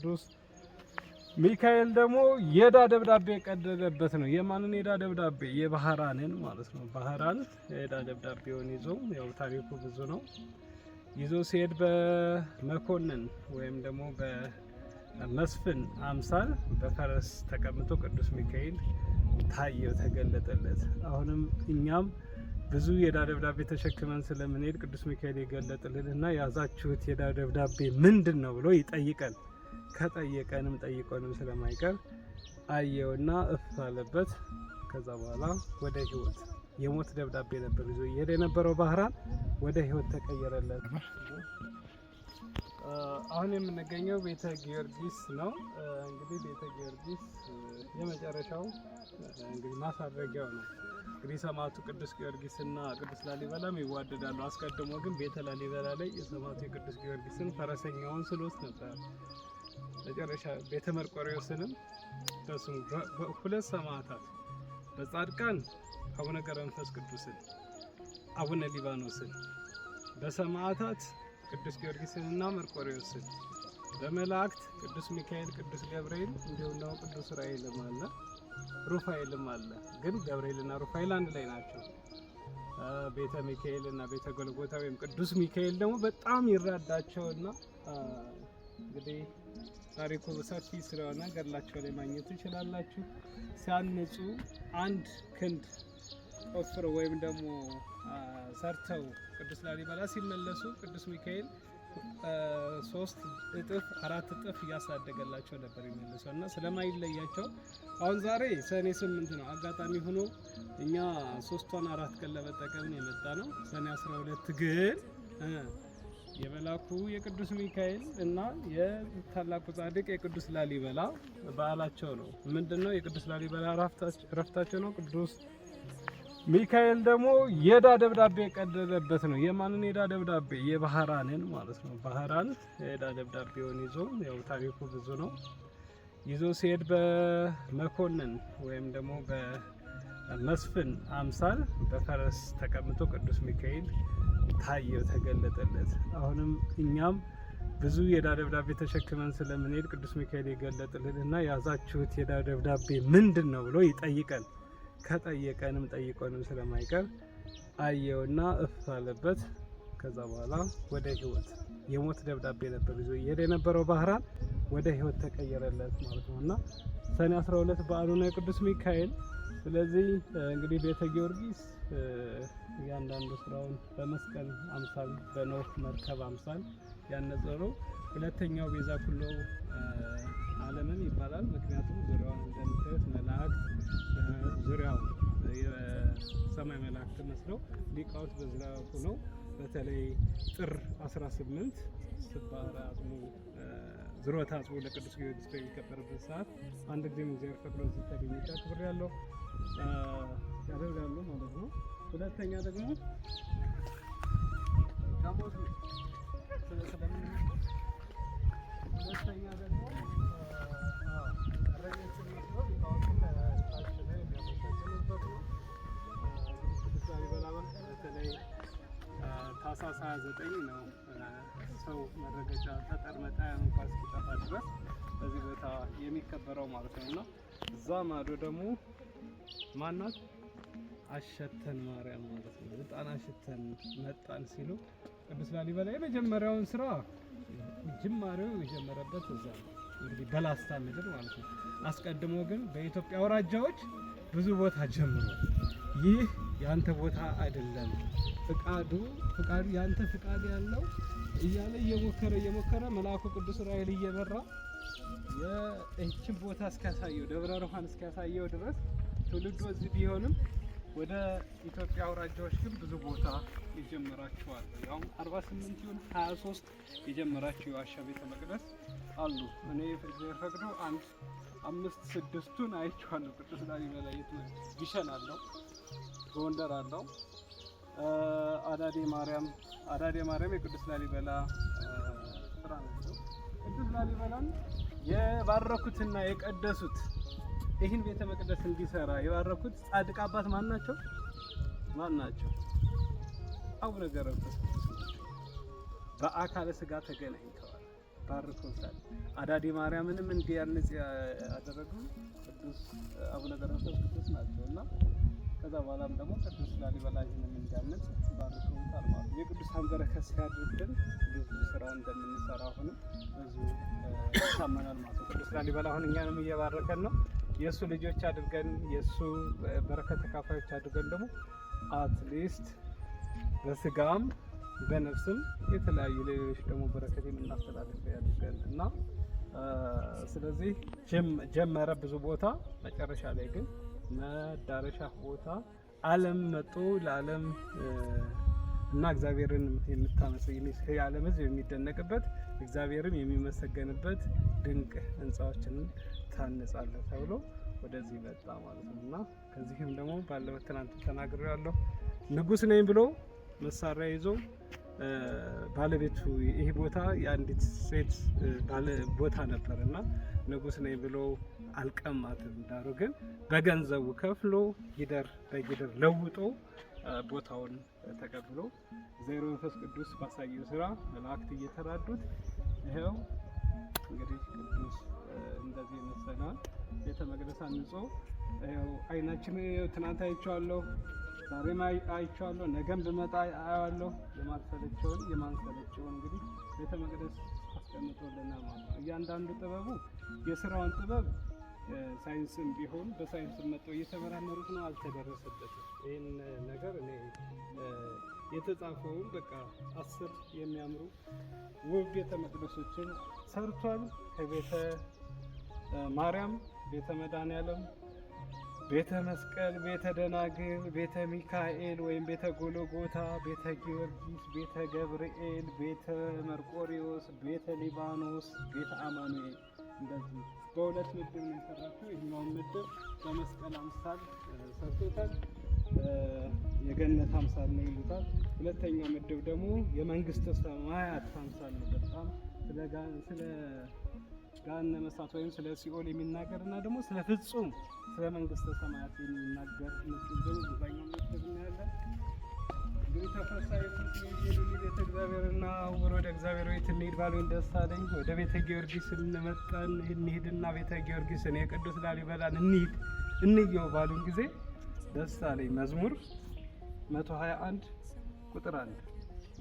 ቅዱስ ሚካኤል ደግሞ የዳ ደብዳቤ ቀደደበት ነው። የማንን የዳ ደብዳቤ? የባህራንን ማለት ነው። ባህራን የዳ ደብዳቤውን ይዞ ያው ታሪኩ ብዙ ነው። ይዞ ሲሄድ በመኮንን ወይም ደግሞ በመስፍን አምሳል በፈረስ ተቀምጦ ቅዱስ ሚካኤል ታየው፣ ተገለጠለት። አሁንም እኛም ብዙ የዳ ደብዳቤ ተሸክመን ስለምንሄድ ቅዱስ ሚካኤል እና ያዛችሁት የዳ ደብዳቤ ምንድን ነው ብሎ ይጠይቀን። ከጠየቀንም ጠይቆንም ስለማይቀር አየውና እፍ አለበት። ከዛ በኋላ ወደ ህይወት የሞት ደብዳቤ ነበር ይዞ እየሄደ የነበረው ባህራን ወደ ህይወት ተቀየረለት። አሁን የምንገኘው ቤተ ጊዮርጊስ ነው። እንግዲህ ቤተ ጊዮርጊስ የመጨረሻው እንግዲህ ማሳረጊያው ነው። እንግዲህ ሰማዕቱ ቅዱስ ጊዮርጊስና ቅዱስ ላሊበላም ይዋደዳሉ። አስቀድሞ ግን ቤተ ላሊበላ ላይ የሰማዕቱ የቅዱስ ጊዮርጊስን ፈረሰኛውን ስሎት ነበር። መጨረሻ ቤተ መርቆሬዎስንም በሱም ሁለት ሰማዕታት በጻድቃን አቡነ ገብረ መንፈስ ቅዱስን አቡነ ሊባኖስን በሰማዕታት ቅዱስ ጊዮርጊስንና መርቆሬዎስን በመላእክት ቅዱስ ሚካኤል፣ ቅዱስ ገብርኤል እንዲሁም ደግሞ ቅዱስ ራኤልም አለ ሩፋኤልም አለ። ግን ገብርኤልና ሩፋኤል አንድ ላይ ናቸው። ቤተ ሚካኤል እና ቤተ ጎልጎታ ወይም ቅዱስ ሚካኤል ደግሞ በጣም ይራዳቸውና እንግዲህ ታሪኩ ሰፊ ስለሆነ ገድላቸው ላይ ማግኘት ትችላላችሁ። ሲያንጹ አንድ ክንድ ቆፍረው ወይም ደግሞ ሰርተው ቅዱስ ላሊበላ ሲመለሱ ቅዱስ ሚካኤል ሶስት እጥፍ አራት እጥፍ እያሳደገላቸው ነበር የሚመለሰው እና ስለማይለያቸው አሁን ዛሬ ሰኔ ስምንት ነው። አጋጣሚ ሆኖ እኛ ሶስቷን አራት ቀን ለመጠቀም የመጣ ነው። ሰኔ 12 ግን የመላኩ የቅዱስ ሚካኤል እና የታላቁ ጻድቅ የቅዱስ ላሊበላ በዓላቸው ነው። ምንድነው? የቅዱስ ላሊበላ ረፍታቸው ነው። ቅዱስ ሚካኤል ደግሞ የዕዳ ደብዳቤ የቀደደበት ነው። የማንን የዕዳ ደብዳቤ? የባህራንን ማለት ነው። ባህራን የዕዳ ደብዳቤውን ይዞ ያው ታሪኩ ብዙ ነው። ይዞ ሲሄድ በመኮንን ወይም ደግሞ በመስፍን አምሳል በፈረስ ተቀምጦ ቅዱስ ሚካኤል ታየው፣ ተገለጠለት። አሁንም እኛም ብዙ የዕዳ ደብዳቤ ተሸክመን ስለምንሄድ ቅዱስ ሚካኤል እና ያዛችሁት የዕዳ ደብዳቤ ምንድን ነው ብሎ ይጠይቀን። ከጠየቀንም ጠይቆንም ስለማይቀር አየውና እፍ አለበት። ከዛ በኋላ ወደ ህይወት የሞት ደብዳቤ ነበር ይዞ እየሄደ የነበረው ባህራን ወደ ህይወት ተቀየረለት ማለት ነው እና ሰኔ 12 በዓሉ ነው የቅዱስ ሚካኤል ስለዚህ እንግዲህ ቤተ ጊዮርጊስ እያንዳንዱ ስራውን በመስቀል አምሳል በኖህ መርከብ አምሳል ያነጸሩ ሁለተኛው ቤዛ ኩሎ ዓለምን ይባላል። ምክንያቱም ዙሪያውን እንደምታዩት መላእክት ዙሪያው የሰማይ መላእክት መስለው ሊቃውንት በዙሪያ ሆነው በተለይ ጥር 18 ስባራ አጽሙ ዝሮታ አጽሙ ለቅዱስ ጊዮርጊስ በሚከበርበት ሰዓት አንድ ጊዜ እግዚአብሔር ፈቅዶ እዚህ ተገኝቻ ክብር ያለው ያደርጋሉ ማለት ነው። ሁለተኛ ደግሞ ታህሳስ 29 ነው ሰው መረገጫ ጠጠር መጣያ እንኳን እስኪጠፋ ድረስ በዚህ ቦታ የሚከበረው ማለት ነው እና እዛ ማዶ ደግሞ ማናት አሸተን ማርያም ማለት ነው። እጣን አሸተን መጣን ሲሉ ቅዱስ ላሊበላ የመጀመሪያውን ስራ ጅማሬው የጀመረበት እዛ እንግዲህ በላስታ ምድር ማለት ነው። አስቀድሞ ግን በኢትዮጵያ አውራጃዎች ብዙ ቦታ ጀምሮ ይህ ያንተ ቦታ አይደለም፣ ፍቃዱ ፍቃዱ ያንተ ፍቃድ ያለው እያለ እየሞከረ እየሞከረ መልአኩ ቅዱስ ራኤል እየመራ የእችን ቦታ እስኪያሳየው ደብረ ሮሃን እስኪያሳየው ድረስ ትውልዱ እዚህ ቢሆንም ወደ ኢትዮጵያ አውራጃዎች ግን ብዙ ቦታ ይጀምራቸዋል። ያው 48 ይሁን 23 የጀመራቸው የዋሻ ቤተ መቅደስ አሉ። እኔ እግዚአብሔር ፈቅዶ አንድ አምስት ስድስቱን አይቼዋለሁ። ቅዱስ ላሊበላ ግሸን አለው፣ ጎንደር አለው፣ አዳዴ ማርያም አዳዴ ማርያም የቅዱስ ላሊበላ ስራ ነው። ቅዱስ ላሊበላን የባረኩትና የቀደሱት ይህን ቤተ መቅደስ እንዲሰራ የባረኩት ጻድቅ አባት ማን ናቸው? ማን ናቸው? አቡነ ገብረ መንፈስ በአካለ ስጋ ተገናኝተዋል። ባርኮታል። አዳዲ ማርያምንም እንዲያንጽ ያደረጉ ቅዱስ አቡነ ገብረ መንፈስ ቅዱስ ናቸው እና ከዛ በኋላም ደግሞ ቅዱስ ላሊበላ ይህንን እንዲያንጽ ባርኮታል ማለት ነው። የቅዱሳን በረከት ሲያድርብን ብዙ ስራ እንደምንሰራ አሁንም ብዙ ይታመናል ማለት ነው። ቅዱስ ላሊበላ አሁን እኛንም እየባረከን ነው። የእሱ ልጆች አድርገን የእሱ በረከት ተካፋዮች አድርገን ደግሞ አትሊስት በስጋም በነፍስም የተለያዩ ሌሎች ደግሞ በረከት የምናስተላልፍ ያድርገን እና ስለዚህ ጀመረ ብዙ ቦታ፣ መጨረሻ ላይ ግን መዳረሻ ቦታ ዓለም መጡ ለዓለም እና እግዚአብሔርን የምታመስ የዓለም ሕዝብ የሚደነቅበት እግዚአብሔርን የሚመሰገንበት ድንቅ ህንፃዎችን ታነጻለህ ተብሎ ወደዚህ መጣ ማለት ነው። እና ከዚህም ደግሞ ባለው ትናንት ተናግሬ ያለሁ ንጉስ ነኝ ብሎ መሳሪያ ይዞ ባለቤቱ ይሄ ቦታ የአንዲት ሴት ቦታ ነበር እና ንጉስ ነኝ ብሎ አልቀማትም። ዳሩ ግን በገንዘቡ ከፍሎ ጊደር በጊደር ለውጦ ቦታውን ተቀብሎ እግዚአብሔር መንፈስ ቅዱስ ባሳየው ስራ መላእክት እየተራዱት ይኸው እንግዲህ ቅዱስ እንደዚህ መሰናል ቤተ መቅደስ አንጾ አይናችን ትናንት አይቼዋለሁ፣ ዛሬም አይቼዋለሁ፣ ነገም ብመጣ አያዋለሁ። የማንሰለቸውን የማንሰለቸውን እንግዲህ ቤተ መቅደስ አስቀምጦልናል ማለት ነው። እያንዳንዱ ጥበቡ የስራውን ጥበብ ሳይንስም ቢሆን በሳይንስም መጥተው እየተመራመሩት ነው፣ አልተደረሰበትም። ይህን ነገር እኔ የተጻፈውን በቃ አስር የሚያምሩ ውብ ቤተ መቅደሶችን ሰርቷል። ከቤተ ማርያም፣ ቤተ መድኃኔዓለም፣ ቤተ መስቀል፣ ቤተ ደናግል፣ ቤተ ሚካኤል ወይም ቤተ ጎሎጎታ፣ ቤተ ጊዮርጊስ፣ ቤተ ገብርኤል፣ ቤተ መርቆሪዎስ፣ ቤተ ሊባኖስ፣ ቤተ አማኑኤል እንደዚህ በሁለት ምድብ ነው የሰራቸው። ይህኛውን ምድብ በመስቀል አምሳል ሰርቶታል። የገነት አምሳል ነው ይሉታል። ሁለተኛው ምድብ ደግሞ የመንግስተ ሰማያት አምሳል ነው። በጣም ስለ ገሃነመ እሳት ወይም ስለ ሲኦል የሚናገር እና ደግሞ ስለ ፍጹም ስለ መንግስተ ሰማያት የሚናገር ምድብ ዛኛው ምድብ እናያለን። እንግዲህ ተፈሳይ ቤተ እግዚአብሔር እግዚአብሔርና ውር ወደ እግዚአብሔር ቤት እንሄድ ባሉኝ ደስ አለኝ። ወደ ቤተ ጊዮርጊስ እንመጣን እንሂድና ቤተ ጊዮርጊስን የቅዱስ ላሊበላን እንሂድ እንየው ባሉኝ ጊዜ ደስታ ላይ መዝሙር 121 ቁጥር 1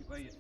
ይቆያል።